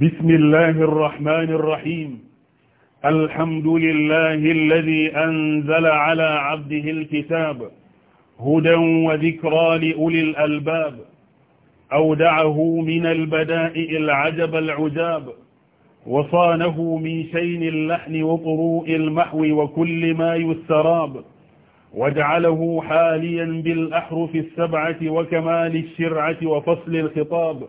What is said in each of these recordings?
بسم الله الرحمن الرحيم الحمد لله الذي أنزل على عبده الكتاب هدى وذكرى لأولي الألباب أودعه من البداء العجب العجاب وصانه من شين اللحن وطروء المحو وكل ما يستراب وجعله حاليا بالأحرف السبعة وكمال الشرعة وفصل الخطاب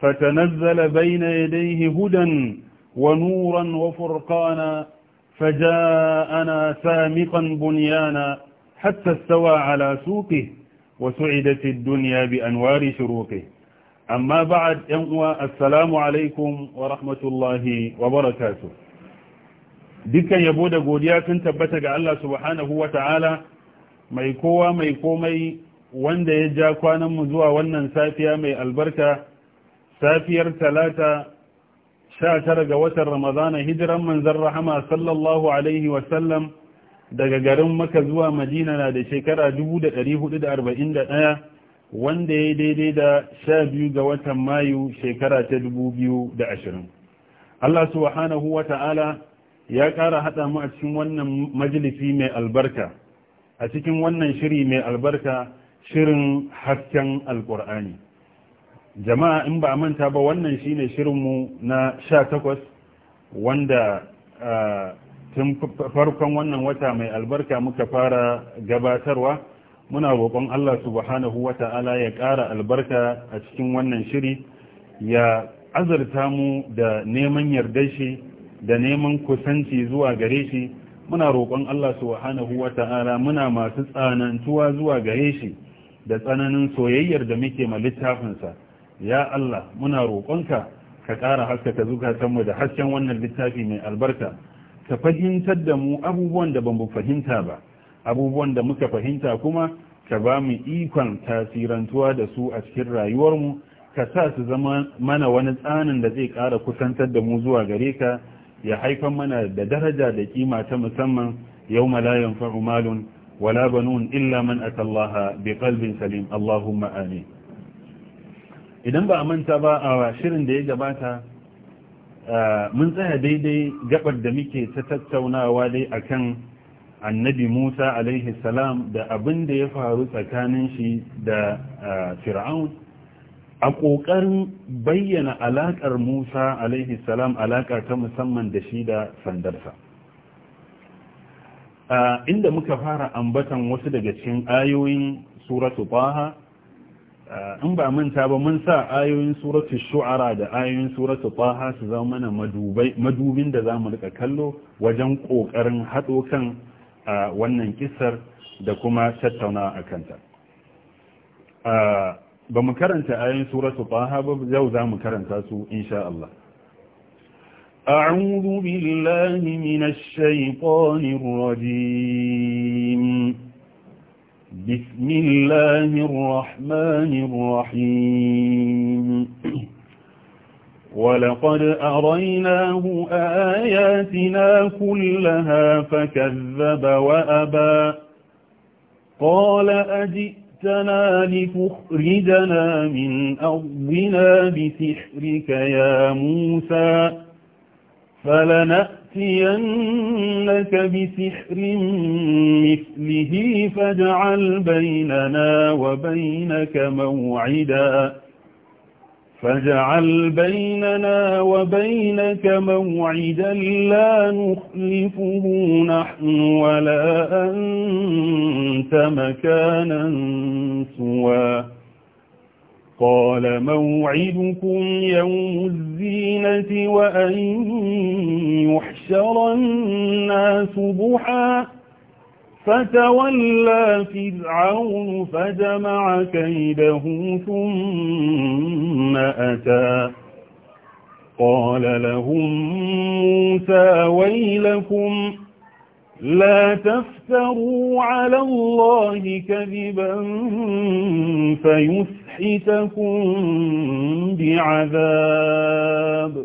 فتنزل بين يديه هدى ونورا وفرقانا فجاءنا سامقا بنيانا حتى استوى على سوقه وسعدت الدنيا بأنوار شروقه أما بعد ينقوى السلام عليكم ورحمة الله وبركاته dukkan yabo قوديا كنت بتقع الله سبحانه وتعالى ما يكوى ما يكوى ما يكوى komai wanda ya ja kwananmu zuwa wannan safiya safiyar talata sha tara ga watan ramadana hijiran manzan rahama sallallahu alaihi wasallam daga garin maka zuwa madina na da shekara 1441 wanda ya daidai da sha biyu ga watan mayu shekara ta 2020 Allah subhanahu wa ta'ala ya ƙara haɗa mu a cikin wannan majalisi mai albarka a cikin wannan shiri mai albarka shirin hasken alƙur'ani jama'a in ba a manta ba wannan shine shirinmu na sha takwas wanda tun farkon wannan wata mai albarka muka fara gabatarwa muna roƙon Allah subhanahu ta'ala ya ƙara albarka a cikin wannan shiri ya azurta mu da neman yarda shi da neman kusanci zuwa gare shi muna roƙon Allah subhanahu ta'ala muna masu tsanantuwa zuwa gare shi da tsananin soyayyar da muke ma littafinsa ya Allah muna roƙonka ka ƙara haskaka zukatanmu da hasken wannan littafi mai albarka ka fahimtar da mu abubuwan da bamu fahimta ba abubuwan da muka fahimta kuma ka ba mu ikon tasirantuwa da su a cikin rayuwarmu ka sa su zama mana wani tsanin da zai ƙara kusantar da mu zuwa gare ka ya haifar mana da daraja da kima ta musamman yau malayan fa'umalun wala banun illa man atallaha bi qalbin salim allahumma amin idan ba a manta ba a shirin da ya gabata mun tsaya daidai gabar da muke ta tattaunawa dai akan annabi musa alaihi salam da abin da ya faru tsakanin shi da fir'aun a ƙoƙarin bayyana alaƙar musa alaihi salam alaƙa ta musamman da shi da sandarsa inda muka fara ambatan wasu daga cikin ayoyin suratu baha Eh, in ba manta ba mun sa ayoyin suratu shu'ara da ayoyin suratu taha su zama mana madubin da za mu rika kallo wajen ƙoƙarin haɗo kan eh, wannan kisar da kuma tattauna a kanta eh, ba mu karanta ayoyin suratu taha ba yau za mu karanta su insha Allah أعوذ بالله من الشيطان الرجيم بسم الله الرحمن الرحيم ولقد أريناه آياتنا كلها فكذب وأبى قال أجئتنا لتخرجنا من أرضنا بسحرك يا موسى فلنأتي نأتينك بسحر مثله فاجعل بيننا وبينك موعدا فاجعل بيننا وبينك موعدا لا نخلفه نحن ولا أنت مكانا سواه قال موعدكم يوم الزينة وأن يحشر الناس ضحى فتولى فرعون فجمع كيده ثم أتى قال لهم موسى ويلكم لا تفتروا على الله كذبا فيسر يحيتكم بعذاب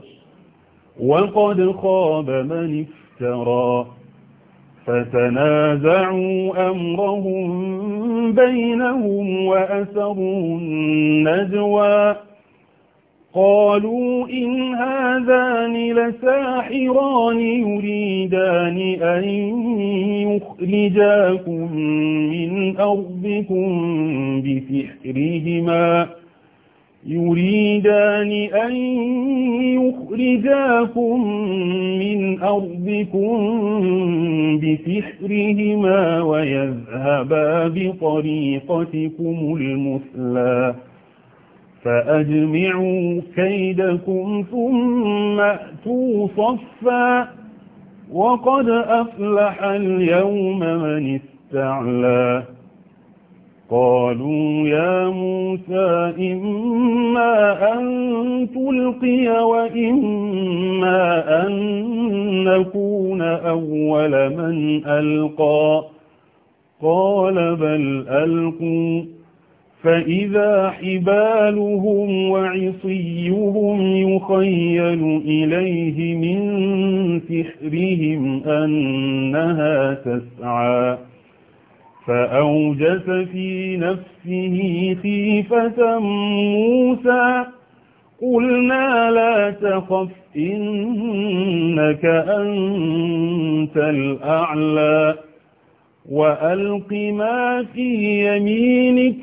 وقد خاب من افترى فتنازعوا أمرهم بينهم وأسروا النجوى قالوا إن هذان لساحران يريدان أن يخرجاكم من أرضكم بسحرهما يريدان أن يخرجاكم من أرضكم بسحرهما ويذهبا بطريقتكم المثلى فأجمعوا كيدكم ثم أتوا صفا وقد أفلح اليوم من استعلى قالوا يا موسى إما أن تلقي وإما أن نكون أول من ألقى قال بل ألقوا فإذا حبالهم وعصيهم يخيل إليه من سحرهم أنها تسعى فأوجس في نفسه خيفة موسى قلنا لا تخف إنك أنت الأعلى وألق ما في يمينك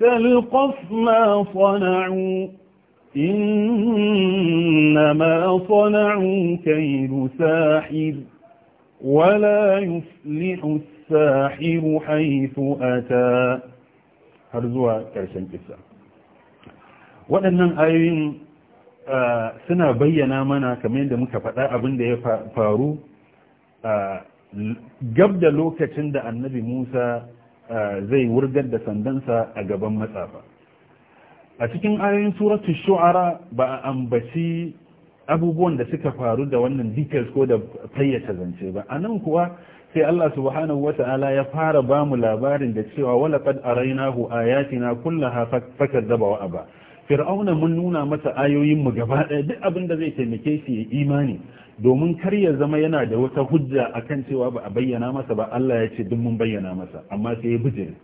تلقف ما صنعوا إنما صنعوا كيد ساحر ولا يفلح الساحر حيث أتى هرزوا كرشن كسا waɗannan ayoyin suna bayyana mana kamar yadda muka faɗa abin da ya faru gab da lokacin da annabi musa zai wurgar da sandansa a gaban matsafa a cikin ayoyin suratul shu'ara ba a ambaci abubuwan da suka faru da wannan details ko da fayyace zance ba a nan kuwa sai Allah subhanahu wa ta'ala ya fara bamu labarin da cewa wala qad araynahu ayatina kullaha fakadzaba wa ba. fir'auna mun nuna masa ayoyinmu gaba ɗaya duk abin da zai taimake shi ya imani domin kar ya zama yana da wata hujja akan cewa ba a bayyana masa ba Allah ya ce duk mun bayyana masa amma sai ya bijire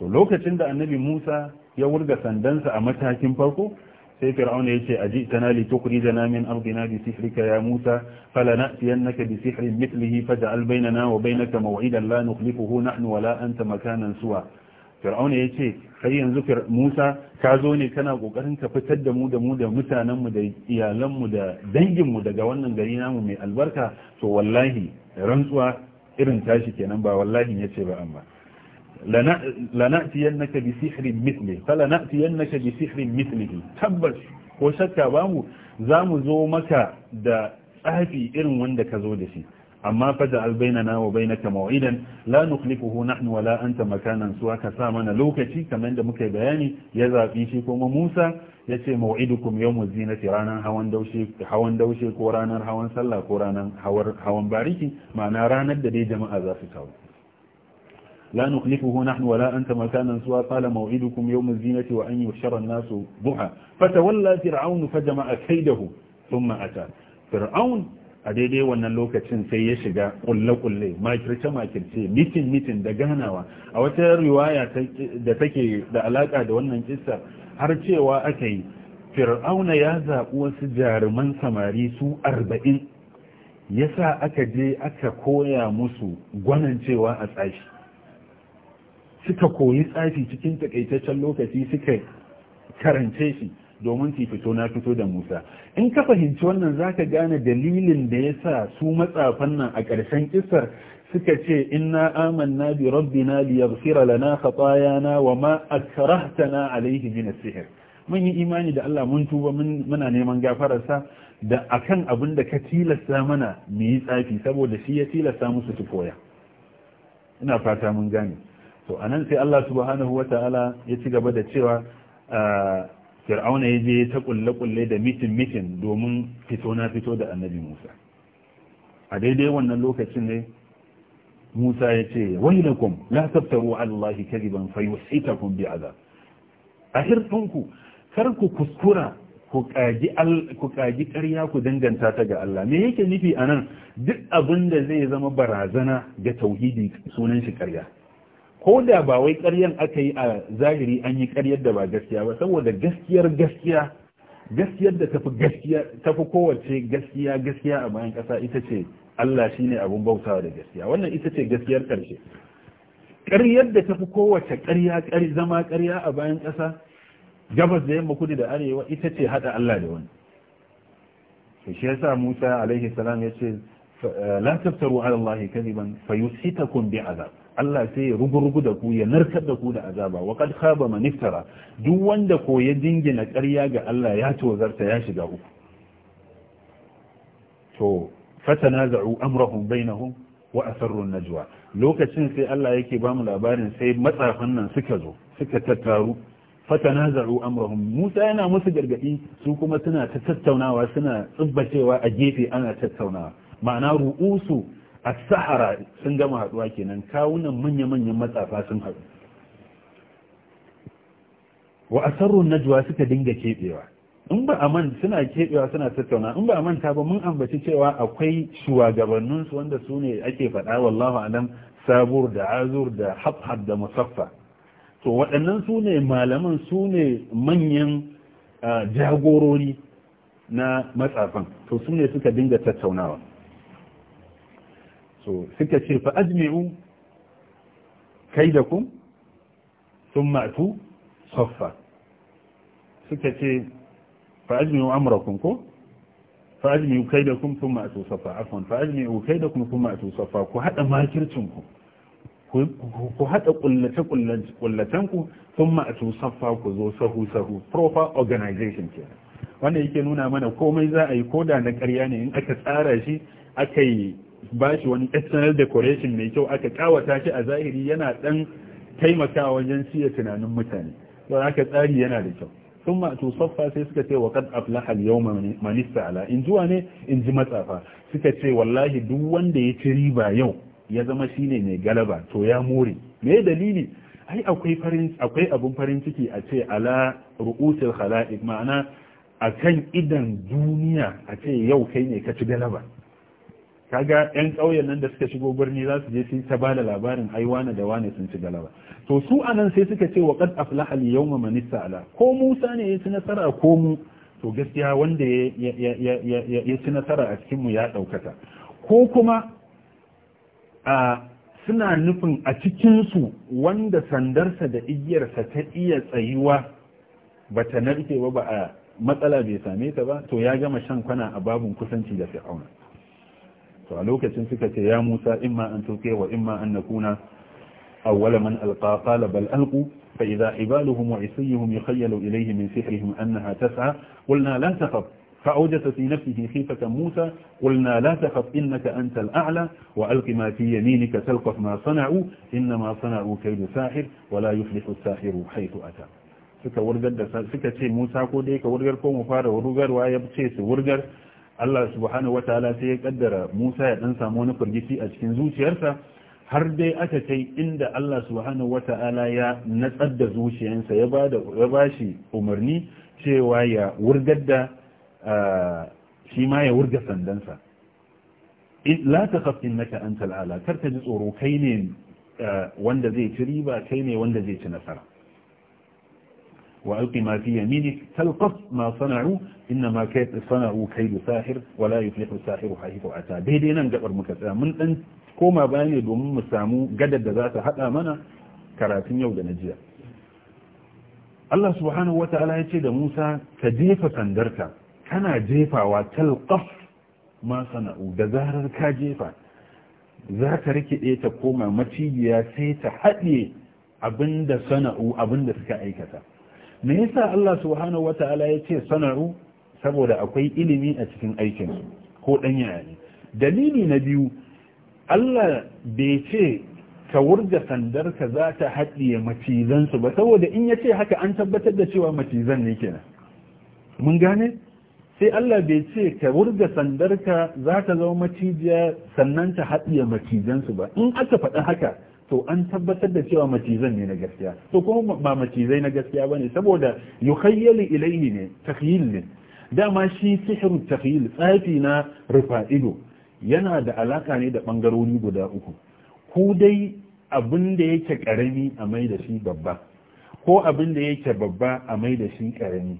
to lokacin da annabi Musa ya wurga sandansa a matakin farko sai fir'auna ya ce aji tana li tukhrijana min ardina bi sihrika ya Musa fala na'tiyannaka bi sihrin mithlihi faj'al bainana wa bainaka maw'idan la nukhlifuhu nahnu wala anta makanan suwa fir'auna ya ce kai yanzu musa ka zo ne kana kokarin ka fitar da mu da mu da mutanenmu da iyalanmu da danginmu daga wannan gari namu mai albarka to wallahi rantsuwa irin tashi kenan ba wallahi ya ce ba amma lana'tiyannaka bi sihrin mithli falana'tiyannaka bi sihrin mithlihi tabbas ko shakka bamu zamu zo maka da tsafi irin wanda ka zo da shi amma faja albainana wa bainaka mau'idan la nukhlifuhu nahnu wala anta makanan su aka sa mana lokaci kamar da muka bayani ya zabi shi kuma Musa ya ce mau'idukum yawmu zinati ranar hawan daushe hawan daushe ko ranar hawan sallah ko ranar hawan bariki ma'ana ranar da dai jama'a za su kawo wala taru لا نخلفه نحن ولا أنت مكانا سوى قال موعدكم يوم الزينة وأن يحشر الناس ضحى فتولى فرعون فجمع كيده ثم أتى فرعون a daidai wannan lokacin sai ya shiga kulle-kulle makirce-makirce mitin-mitin da ganawa a wata riwaya da take da alaka da wannan kisa har cewa aka yi fir'auna ya zaɓi wasu jaruman samari su arba'in ya sa aka je aka koya musu gwanancewa a tsashi suka koyi tsafi cikin takaitaccen lokaci suka karance shi domin su fito na fito da Musa in ka fahimci wannan zaka gane dalilin da ya sa su matsafan nan a ƙarshen kisar suka ce inna amanna bi rabbina yaghfira lana khatayana wa ma akrahtana alayhi min as-sihr mun yi imani da Allah mun tuba muna neman gafararsa da akan abin da ka tilasta mana mu yi tsafi saboda shi ya tilasta musu koya. ina fata mun gane to anan sai Allah subhanahu wa ta'ala ya ci gaba da cewa ah, fir'auna ya je ta kulle kulle da mitin mitin domin fito na fito da annabi musa a daidai wannan lokacin ne musa ya ce wailakum la tabtaru ala allahi kadiban fayusitakum bi azab ahirtunku kar ku kuskura ku kaji ƙarya ku danganta ta ga Allah me yake nufi anan duk abin da zai zama barazana ga tauhidi sunan shi karya. ko da ba wai ƙaryan aka yi a zahiri an yi ƙaryar da ba gaskiya ba saboda gaskiyar gaskiya gaskiyar da tafi gaskiya tafi kowace gaskiya gaskiya a bayan ƙasa ita ce Allah shine abun bautawa da gaskiya wannan ita ce gaskiyar ƙarshe ƙaryar da tafi kowace ƙarya zama ƙarya a bayan ƙasa gabas da yamma kudu da arewa ita ce haɗa Allah da wani shi yasa Musa alaihi salam ya ce eh, la taftaru ala Allah kadiban fayusitakum bi azab Allah sai ya rugurugu da ku ya narkar da ku da azaba wa kad khaba man iftara duk wanda ko ya dingina ƙarya ga Allah ya tozarta ya shiga uku to fatanaza'u amrahum bainahum wa asarru najwa lokacin sai Allah yake ba mu labarin sai matsafan nan suka zo suka tattaru fatanaza'u amrahum Musa yana musu gargadi su kuma suna ta tattaunawa suna tsubbacewa a gefe ana tattaunawa ma'ana ru'usu a sahara sun gama haɗuwa kenan kawunan manya-manyan matsafa sun haɗu wa na najwa suka dinga keɓewa in ba a man suna keɓewa suna tattauna in ba a manta ba mun ambaci cewa akwai shugabanninsu wanda su ne ake faɗa wallahu alam sabur da azur da hafhad da musaffa to waɗannan su ne malaman su ne manyan ah, jagorori na matsafan to su ne suka dinga tattaunawa to suka ce fa ajmi'u kaidakum thumma atu saffa suka ce fa ajmi'u amrakum ko fa ajmi'u kaidakum thumma atu saffa afwan fa ajmi'u kaidakum thumma atu saffa ku hada makircin ku ku haɗa ƙullace ku sun atu saffa ku zo sahu-sahu proper organization ke wanda yake nuna mana komai za a yi koda na ƙarya ne in aka tsara shi aka yi ba shi wani external decoration mai kyau aka kawata shi a zahiri yana dan taimakawa wajen siya tunanin mutane don aka tsari yana da kyau sun ma'atu saffa sai suka ce wa kad aflaha yau yawma ala in zuwa ne in ji matsafa suka ce wallahi duk wanda ya ci riba yau ya zama shine mai galaba to ya more me dalili ai akwai farin akwai abun farin ciki a ce ala ru'usil khala'iq ma'ana akan idan duniya a ce yau kai ne ka ci galaba kaga yan ƙauyen nan da suka shigo birni za su je su ta da labarin ai wane da wane sun ci galaba to su anan sai suka ce wa qad aflaha al yawma man ko Musa ne ya ci nasara ko mu to gaskiya wanda ya ci nasara a cikin mu ya daukata ko kuma a suna nufin a cikin su wanda sandarsa da igiyarsa ta iya tsayuwa ba ta narke ba ba a matsala bai same ta ba to ya gama shan kwana a babun kusanci da fir'auna to a lokacin suka ce ya Musa imma an tuke wa imma an nakuna awwala man alqa qala bal alqu fa idha ibaluhum wa isiyuhum yukhayyalu ilayhi min sihrihim annaha tas'a qulna la takhaf فأوجس في نفسه خيفة موسى قلنا لا تخف إنك أنت الأعلى وألق ما في يمينك تلقف ما صنعوا إنما صنعوا كيد ساحر ولا يفلح الساحر حيث أتى suka wurgar da suka ce Musa ko dai ka wurgar ko mu fara wurgarwa ya ce su wurgar Allah subhanahu wataala sai ya kaddara Musa ya dan samu wani furgici a cikin zuciyarsa har dai aka kai inda Allah subhanahu wataala ya natsar da zuciyarsa ya ba da ya bashi umarni cewa ya wurgar da shi ma ya wurga sandansa la takhaf innaka antal ala kar ta ji tsoro kai ne wanda zai ci riba kai ne wanda zai ci nasara وألق ما في يمينك تلقف ما صنعوا إنما كيد صنعوا كيد ساحر ولا يفلح الساحر حيث أتى بهدينا نقبر مكسا من أن كوما باني دوم مسامو قدد ذات حتى منا كراتين يود نجيا الله سبحانه وتعالى يتشد موسى كجيف سندرك كان جيفا وتلقف ما صنعوا دزهر كجيفا ذاك ركي ايه تقوم متي يا سيت حقي abinda sana'u abinda suka aikata me yasa Allah subhanahu wata'ala ya ce sana'u saboda akwai ilimi a cikin aikinsu ko dan ne dalili na biyu Allah bai ce ka wurga sandarka za ta haɗiye macizansu ba saboda in ya ce haka an tabbatar da cewa macizan ne kenan mun gane sai Allah bai ce ka wurga sandarka za ta zama macijiya sannan ta haɗiye macizansu ba in aka faɗi haka to an tabbatar da cewa macizan ne na gaskiya to kuma ba macizai na gaskiya bane saboda yukhayyalu ilayhi ne takhyil ne dama shi sihru takhyil tsafi na rufa'idu yana da alaka ne da bangarori guda uku ko dai abin da yake karami a mai da shi babba ko abin da yake babba a mai da shi karami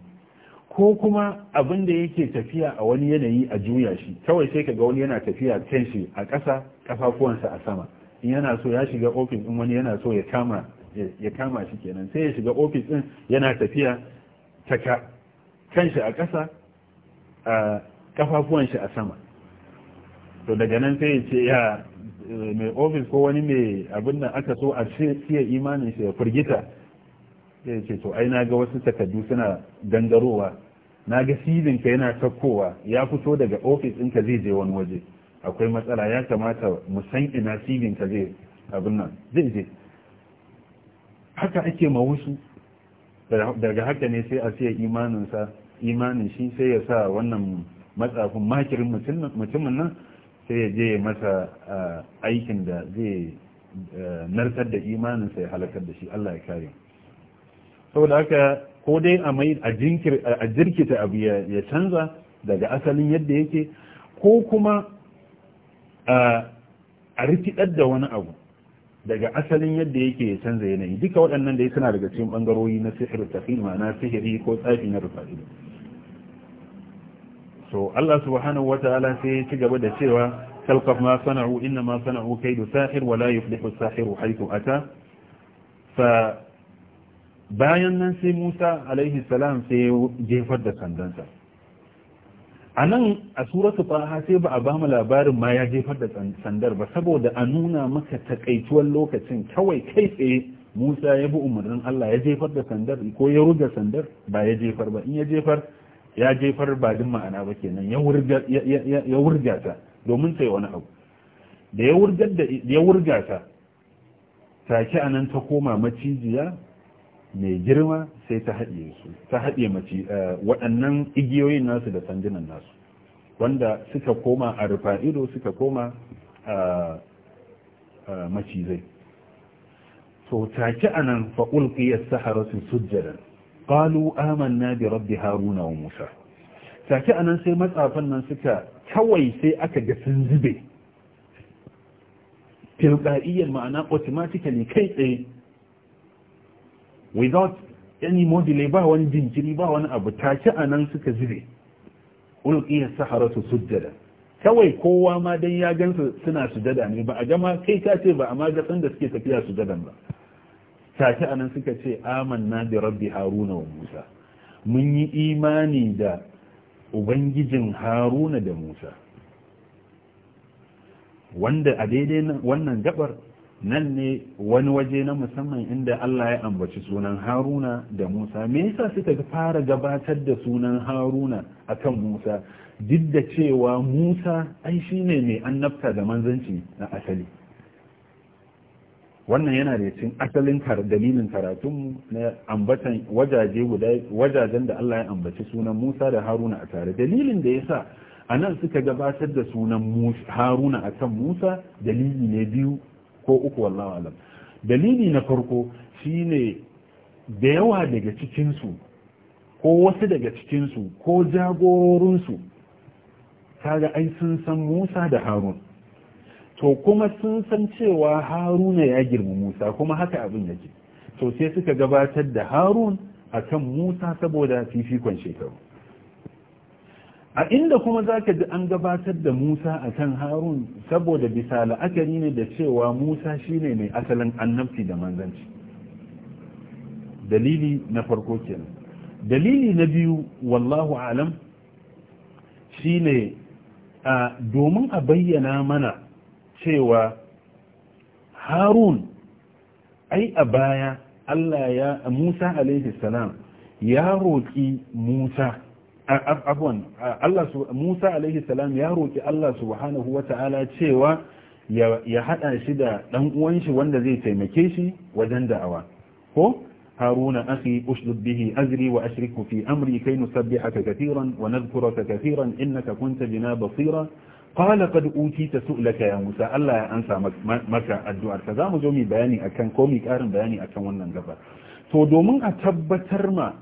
ko kuma abin da yake tafiya a wani yanayi a juya shi kawai sai ka ga wani yana tafiya kan shi a ƙasa ƙafafuwansa a sama in yana so ya shiga ofis in wani yana so ya kama shi kenan sai ya shiga ofis din yana tafiya taka kanshi a ƙasa a kafafuwan shi a sama to daga nan sai ya ce ya mai ofis ko wani mai abin da aka so a siya imanin shi ya firgita sai ya ce to ai na ga wasu takardu suna gangarowa na ga ka yana sakkowa ya fito daga ofis ɗinka zai je wani waje akwai matsala ya kamata mu san ina silin ka zai abin nan zai zai haka ake ma wasu daga haka ne sai a siya imaninsa imanin shi sai ya sa wannan matsafin makirin mutumin nan sai ya je masa aikin da zai narkar da imaninsa ya halakar da shi Allah ya kare saboda haka ko dai a mai a jirkita abu ya canza daga asalin yadda yake ko kuma a rikidar da wani abu daga asalin yadda yake canza yanayi duka waɗannan da suna daga cikin ɓangarori na sihir tafi ma'ana sihiri ko tsafi na rufari so Allah subhanahu wataala sai ya ci gaba da cewa kalkaf ma sana'u inna ma sana'u kaidu sahir wa yuflihu sahiru haythu ata fa bayan nan sai Musa alaihi salam sai ya jefar da sandansa a nan a suratu faha sai ba a bamu labarin ma ya jefar da sandar ba saboda a nuna maka takaituwar lokacin kawai kai tsaye musa ya bi umarnin allah ya jefar da sandar ko ya ruga sandar ba ya jefar ba in ya jefar ya jefar ba din ma'ana ba kenan ya wurga ta domin sai wani abu da ya wurga ta take a nan ta koma macijiya mai girma sai ta haɗiye su ta haɗiye mace eh, waɗannan igiyoyin nasu da sandunan nasu wanda suka koma a rufa ido suka koma a eh, eh, macizai so take a nan fa'ul ƙiyar sahara su sujjada ƙalu amanna bi rabbi haruna wa musa take a nan sai matsafan nan suka kawai sai aka ga sun zube filɗa'iyyar ma'ana automatically kai tsaye without any modile ba wani jinjiri ba wani abu take a nan suka zube sahara su sujjada kawai kowa ma dan ya gansu suna sujjada ne ba a gama kai ka ce ba amma ga san da suke tafiya sujjadan ba take a nan suka ce amanna bi rabbi haruna wa musa mun yi imani da ubangijin haruna da musa wanda a daidai wannan gabar nan ne wani waje na musamman inda Allah ya ambaci sunan Haruna da Musa me yasa suka fara gabatar da sunan Haruna akan Musa duk da cewa Musa ai shine mai annabta da manzanci na asali wannan yana da cin asalin dalilin karatunmu na ambatan wajaje guda wajajen da Allah ya ambaci sunan Musa da Haruna a tare dalilin da yasa a nan suka gabatar da sunan Haruna akan Musa dalili ne biyu ko uku wallahu alam dalili na farko shine da yawa daga cikinsu ko wasu daga cikinsu ko jagororinsu kaga ai sun san musa da harun to kuma sun san cewa haruna ya girma musa kuma haka abin yake to sai suka gabatar da harun akan musa saboda fifikon shekaru a inda kuma za ka ji an gabatar da musa a kan harun saboda bisa la'akari ne da cewa musa shine mai asalin annabci da manzanci dalili na farko kenan dalili na biyu wallahu alam shine a domin a bayyana mana cewa harun ai a baya allah ya musa a.s. ya roƙi musa abuwan Allah Musa alaihi salam ya roki Allah subhanahu wata'ala cewa ya haɗa shi da ɗan uwan shi wanda zai taimake shi wajen da'awa ko haruna akhi ushdud bihi azri wa ashriku fi amri kay nusabbihaka katiran wa nadhkuraka katiran innaka kunta bina basira qala qad utita su'laka ya Musa Allah ya ansa maka addu'ar ka zamu zo mi bayani akan ko mi karin bayani akan wannan gaba to domin a tabbatar ma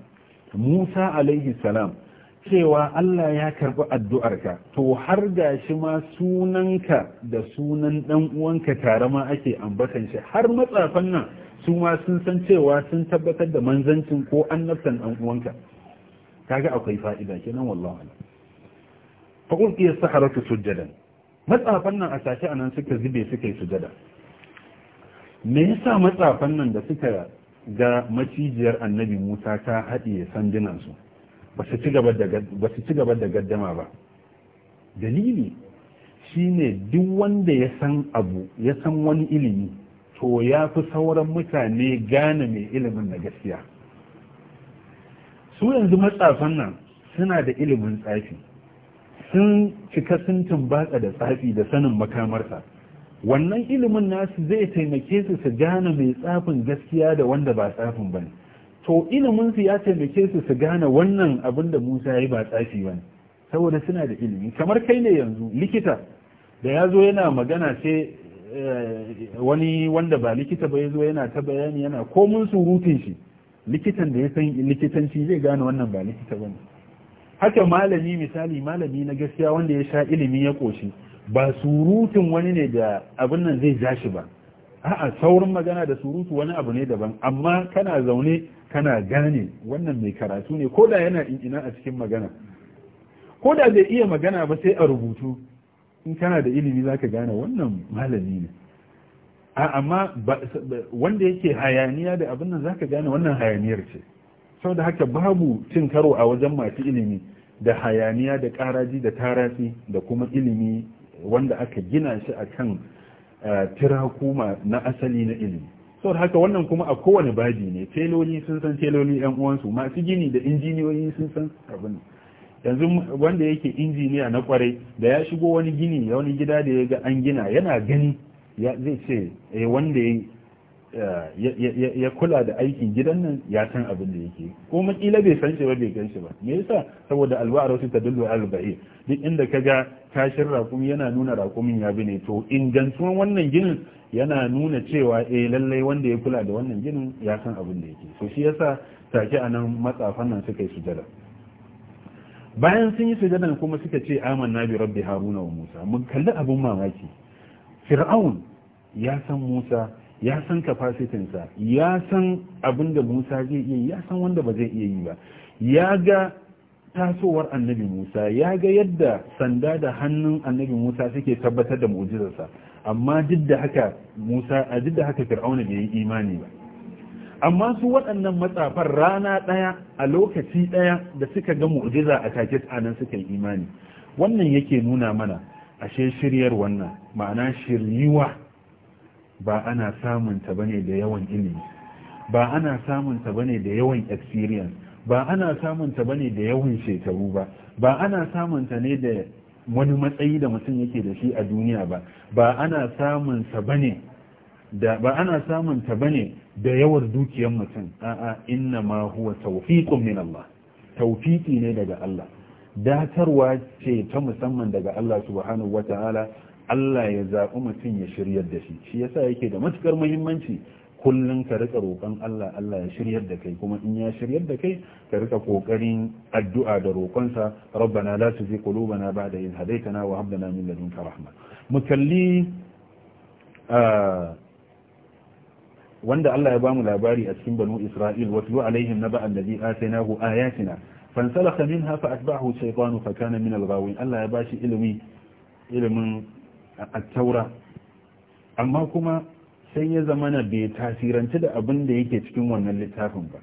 Musa alaihi salam cewa Allah ya karbi addu'arka to har ga shi ma sunanka da sunan dan uwanka tare ma ake ambatan shi har matsafan nan su ma sun san cewa sun tabbatar da manzancin ko annabtan dan uwanka kaga akwai fa'ida kenan wallahi fa iya saharatu sujjadan matsafan nan a sashi anan suka zube suka yi sujada me yasa matsafan nan da suka ga macijiyar annabi Musa ta haɗiye sandunansu su ba su ci gaba da gaddama ba dalili shine duk wanda ya san abu ya san wani ilimi to ya fi sauran mutane gane mai ilimin na gaskiya su yanzu matsafan nan suna da ilimin tsafi sun cika sun tumbatsa da tsafi da sanin makamarsa wannan ilimin nasu zai taimake su su gane mai tsafin gaskiya da wanda ba tsafin ba ne to ilimin su ya taimake su su gane wannan abin da Musa ya yi ba tsafi ba saboda suna da ilimi kamar kai ne yanzu likita da ya zo yana magana ce eh, wani wanda ba likita ba ya zo yana ta bayani yana komun surutun shi likitan da ya san likitanci zai gane wannan ba likita ba haka malami misali malami na gaskiya wanda ya sha ilimi ya koshi ba surutun wani ne da abin nan zai ja shi ba a'a saurin magana da surutu wani abu ne daban amma kana zaune kana gane wannan mai karatu ne ko da yana in ina a cikin magana ko da bai iya magana ba sai a rubutu in kana da ilimi za ka gane wannan malami ne a amma wanda yake hayaniya da abin nan za ka gane wannan hayaniyar ce sau da haka babu cin karo a wajen masu ilimi da hayaniya da karaji da taratsi da kuma ilimi wanda aka gina shi a kan eh, tirakuma na asali na ilimi saboda haka wannan kuma a kowane baji ne teloli sun san teloli yan uwansu masu gini da injiniyoyi sun san abin yanzu wanda yake injiniya na kwarai da ya shigo wani gini ya wani gida da ya ga an gina yana gani ya zai ce eh wanda ya ya kula da aikin gidan nan ya san abin da yake ko makila bai san shi ba bai gan shi ba me yasa saboda alwa'ar wasu ta dullu alba'i duk inda ka ga kashin rakumi yana nuna rakumin ya bi ne to ingantuwan wannan ginin yana nuna cewa eh lallai wanda ya kula da wannan ginin ya san abin da yake to shi yasa take anan matsafan nan suka yi sujada bayan sun yi sujadan kuma suka ce amanna bi rabbi haruna wa musa mun kalli abin mamaki fir'aun ya san musa ya san kafasitinsa ya san abin da musa zai iya ya san wanda ba zai iya yi ba ya ga tasowar annabi musa ya ga yadda sanda da hannun annabi musa suke tabbatar da mu'jizarsa amma duk da haka musa a duk da haka fir'auna bai yi imani ba amma su waɗannan matsafan rana ɗaya a lokaci ɗaya da suka ga mu'jiza a take anan suka yi imani wannan yake nuna mana ashe shiryar wannan ma'ana shiryuwa ba ana samun ta bane da yawan ilimi ba ana samun ta bane da yawan experience ba ana samun ta bane da yawan shekaru ba ba ana samun ta ne da wani matsayi da mutum yake da shi a duniya ba ba ana samun ta bane da ba ana samun ta bane da yawar dukiyar mutum a'a inna ma huwa tawfiqun min Allah tawfiqi ne daga Allah datarwa ce ta musamman daga Allah subhanahu wata'ala Allah ya zaɓi mutum ya shiryar da shi shi yasa yake da matukar muhimmanci kullum ka rika roƙon Allah Allah ya shiryar da kai kuma in ya shiryar da kai ka rika kokarin addu'a da roƙonsa rabbana la tuzigh qulubana ba'da idh hadaytana wa hab lana min ladunka rahma kalli. wanda Allah ya bamu labari a cikin banu Isra'il watlu alaihim naba allazi atainahu ayatina fansalakha minha fa atba'ahu shaytanu fa kana min al-ghawin Allah ya bashi ilimi ilimin a taura amma kuma sai ya zamana bai tasiranci da abin da yake cikin wannan littafin ba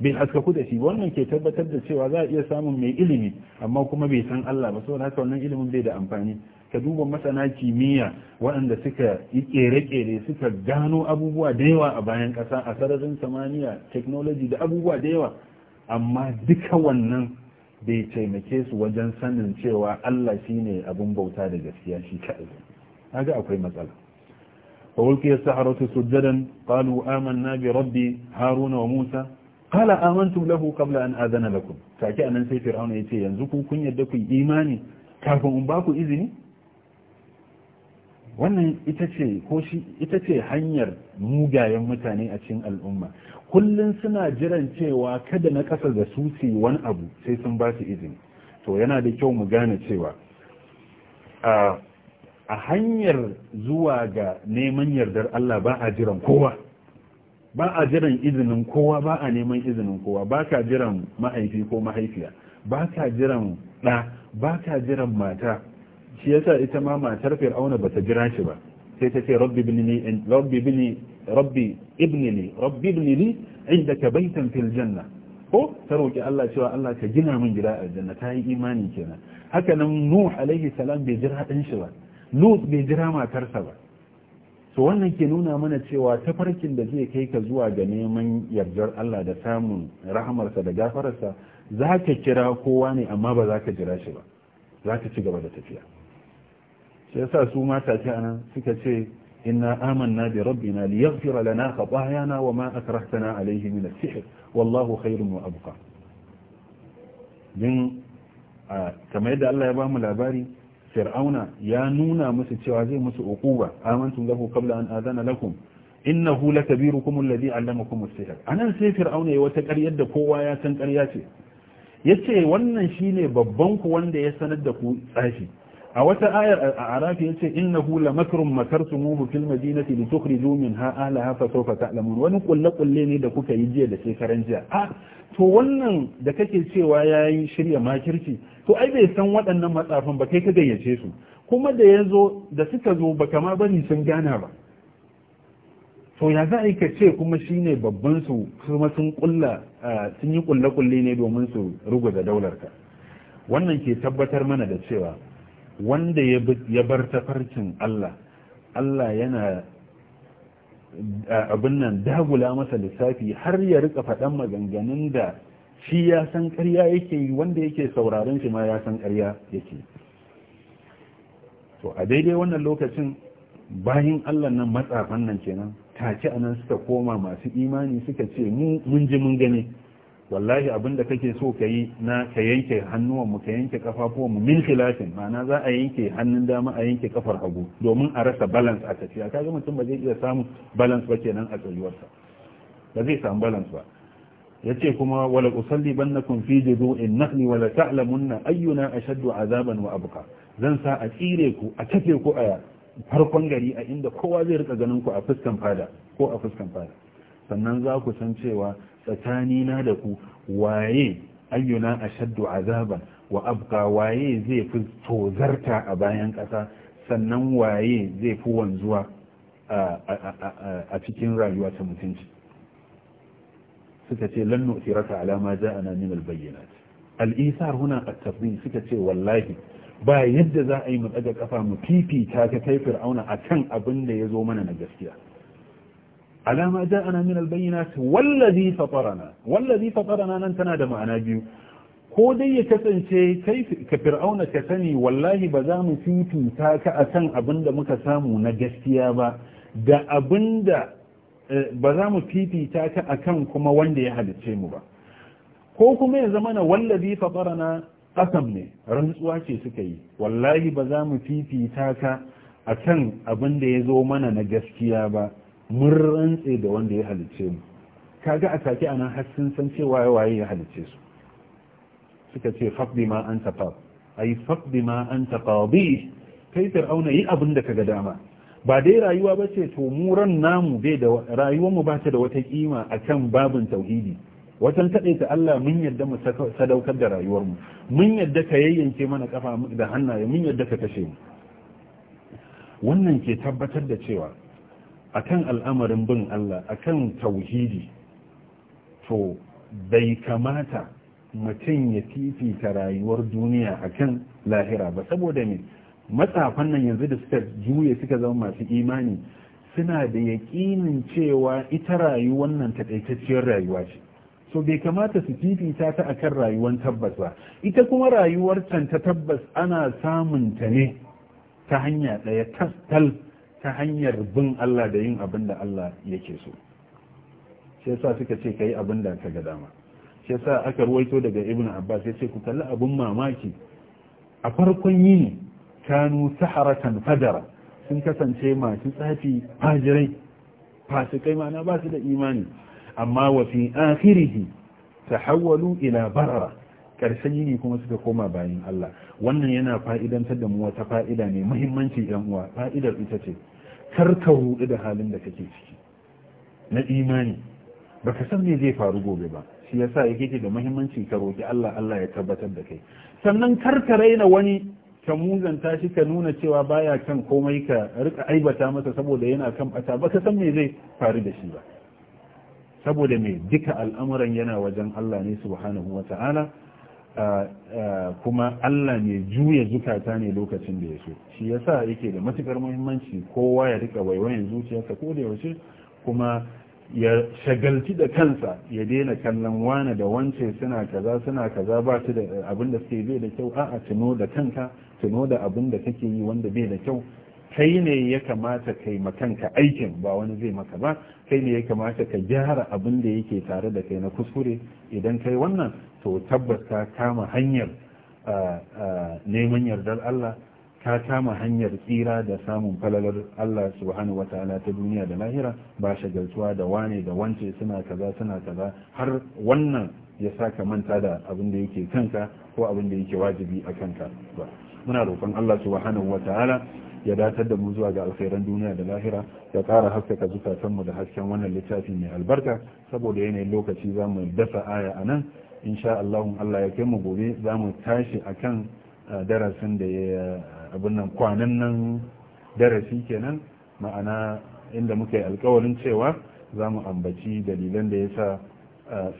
bai haskaku da shi wannan ke tabbatar da cewa za a iya samun mai ilimi amma kuma bai san Allah ba saboda haka wannan ilimin bai da amfani ka duba masana kimiyya waɗanda suka yi kere-kere suka gano abubuwa da yawa a bayan ƙasa a sararin samaniya technology da abubuwa da yawa amma duka wannan bai taimake su wajen sanin cewa Allah shine abin bauta da gaskiya shi kaɗai kaga akwai matsala fa ulqiya as-saharatu sujadan qalu amanna bi rabbi haruna wa musa qala amantum lahu qabla an adana lakum take anan sai fir'auna yace yanzu ku kun yadda ku imani kafin in ba ku izini wannan ita ce ce hanyar mugayen mutane a cikin al'umma kullum suna jiran cewa kada na kasa da su su wani abu sai sun basu izini to yana da kyau mu gane cewa a a hanyar zuwa ga neman yardar Allah ba a jiran kowa ba a jiran izinin kowa ba a neman izinin kowa ba ka jiran mahaifi ko mahaifiya ba ka jiran ɗa ba ka jiran mata shi yasa ita ma matar fir'auna ta jira shi ba sai ta ce rabbi li rabbi ibni rabbi li rabbi inda indaka baitan fil janna ko ta roki Allah cewa Allah ka gina min gida a aljanna ta yi imani kenan haka nan nuh alaihi salam bai jira ɗan shi ba lut bai jira matarsa ba to wannan ke nuna mana cewa tafarkin da zai kai ka zuwa ga neman yardar Allah da samun rahamarsa da gafararsa za ka kira kowa ne amma ba za ka jira shi ba za ka ci gaba da tafiya sai yasa su mata ce anan suka ce inna amanna bi rabbina li yaghfira lana khatayana wa ma akrahtana alayhi min as-sihr wallahu khairun wa abqa din kamar yadda Allah ya ba mu labari fir'auna ya nuna musu cewa zai musu uquba amantu lahu qabla an adana lakum innahu lakabirukum alladhi allamakum as-sihr anan sai fir'auna ya wata ƙarya da kowa ya san ƙarya ce yace wannan shine babban ku wanda ya sanar da ku tsafi a wata ayar a arafi ya ce inna hula makarun makarsu muhu fil madinati li tukhriju minha ahliha fa sawfa ta'lamun wani kulle kulle ne da kuka yi jiya da shekaran jiya a to wannan da kake cewa ya yi shirya makirci to ai bai san waɗannan matsafin ba kai ka gayyace su kuma da ya zo da suka zo ba kama bani sun gana ba to ya za a yi ka ce kuma shine babban su kuma sun kulla sun yi kulle kulle ne domin su ruguza daular ka wannan ke tabbatar mana da cewa wanda ya bar tafarkin Allah Allah yana abin nan dagula masa lissafi har ya rika faɗan maganganun da shi ya san ƙarya yake yi wanda yake sauraron shi ma ya san ƙarya yake to a daidai wannan lokacin bayan Allah nan matsafan nan kenan take anan suka koma masu imani suka ce mun ji mun gane wallahi abin da kake so ka yi na ka yanke hannuwan mu ka yanke kafafuwan mu min khilafin ma'ana za a yanke hannun dama a yanke kafar hagu domin a rasa balance a tafiya kaga mutum ba zai iya samun balance ba kenan a tsayuwarsa ba zai samu balance ba yace kuma wala usalli bannakum fi in nahli wala ta'lamunna ayyuna ashaddu azaban wa abqa zan sa a tsire ku a tafe ku a farkon gari a inda kowa zai rika ganin ku a fuskan fada ko a fuskan fada sannan za ku san cewa na da ku waye ayyuna a ashaddu azaban wa abqa waye zai fi tozarta a bayan ƙasa sannan waye zai fi wanzuwa a cikin rayuwa ta mutunci suka ce lannu nu'tiraka ala ma ja'ana min al-bayyinat al-isar huna at-tafdil suka ce wallahi ba yadda za a yi mu daga kafa mu fifita ka kai fir'auna akan abin da ya zo mana na gaskiya على ما جاءنا من البينات والذي فطرنا والذي nan tana da ma'ana biyu ko dai ya kasance kai ka fir'auna ka sani wallahi ba za mu fifita ka akan abin da muka samu na gaskiya ba fifita ka akan kuma wanda ya halicce mu ba ko kuma ya zama na wallazi fatarana qasam ne rantsuwa ce suka yi wallahi ba za mu fifita ka akan abin da ya zo mana na gaskiya ba mun rantse da wanda ya halicce mu kaga a take anan har sun san cewa waye ya halicce su suka ce faqdi ma anta fa ai faqdi ma anta qadi kai fir'auna yi abin da kaga dama ba dai rayuwa ba ce to mu ran namu bai da rayuwar mu ba ta da wata kima akan babin tauhidi watan taɗaita Allah mun yadda mu sadaukar da rayuwarmu mun yadda ka yayyanke mana kafa da hannaye mun yadda ka kashe mu wannan ke tabbatar da cewa akan al'amarin bin Allah akan tauhidi to bai kamata mutum ya fifita rayuwar duniya akan lahira ba saboda me matsafan nan yanzu da suka juye suka zama masu imani suna da yaƙinin cewa ita rayuwar nan taƙaitacciyar rayuwa ce so bai kamata su fifita ta akan rayuwar tabbas ba ita kuma rayuwar can ta tabbas ana samun ta ne ta hanya ɗaya tas ta hanyar bin Allah da yin abin da Allah yake so shi yasa suka ce kai abin da ka ga dama shi yasa aka ruwaito daga ibnu abbas ya ce ku kalli abin mamaki a farkon yini kanu saharatan fajara sun kasance masu tsafi fajirai fasikai mana ba su da imani amma wa fi akhirihi tahawwalu ila barara karshen yini kuma suka koma bayan Allah wannan yana fa'idantar da mu wata fa'ida ne muhimmanci yan uwa fa'idar ita ce kar ka da halin da kake ciki na imani baka san me zai faru gobe ba shi yasa yake da muhimmanci ka roki Allah Allah ya tabbatar da kai sannan kar ka raina wani ka muzanta shi ka nuna cewa baya kan komai ka rika aibata masa saboda yana kan bata baka san me zai faru da shi ba saboda me duka al'amuran yana wajen Allah ne subhanahu wata'ala kuma Allah ne juya zukata ne lokacin da ya so shi yasa yake da matukar muhimmanci kowa ya rika waiwayin zuciyarsa ko da yaushe kuma ya shagalci da kansa ya daina kallon wane da wance suna kaza suna kaza ba su da abin da suke bai da kyau a'a tuno da kanka tuno da abin da kake yi wanda bai da kyau kai ne ya kamata kai makanka aikin ba wani zai maka ba kai ne ya kamata ka gyara abin da yake tare da kai na kuskure idan kai wannan to tabbas ka kama hanyar neman yardar Allah ka kama hanyar tsira da samun falalar Allah subhanahu wataala ta duniya da lahira ba shagaltuwa da wane da wance suna kaza suna kaza har wannan ya sa ka manta da abin da yake kanka ko abin da yake wajibi a kanka muna roƙon Allah subhanahu wataala ya datar da mu zuwa ga alkhairan duniya da lahira ya ƙara haskaka mu da hasken wannan littafi mai albarka saboda yanayin lokaci za mu dasa aya a nan insha Allah Allah ya kai mu gobe za mu tashi kan darasin da ya abin nan kwanan nan darasi kenan ma'ana inda muka yi alkawarin cewa za mu ambaci dalilan da ya sa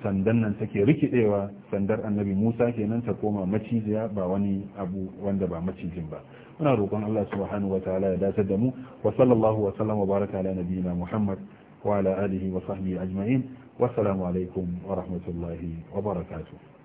sandan nan take rikidewa sandar annabi musa kenan ta koma maciziya ba wani abu wanda ba macijin ba ونرجو ان الله سبحانه وتعالى لا تدموا وصلى الله وسلم وبارك على نبينا محمد وعلى اله وصحبه اجمعين والسلام عليكم ورحمه الله وبركاته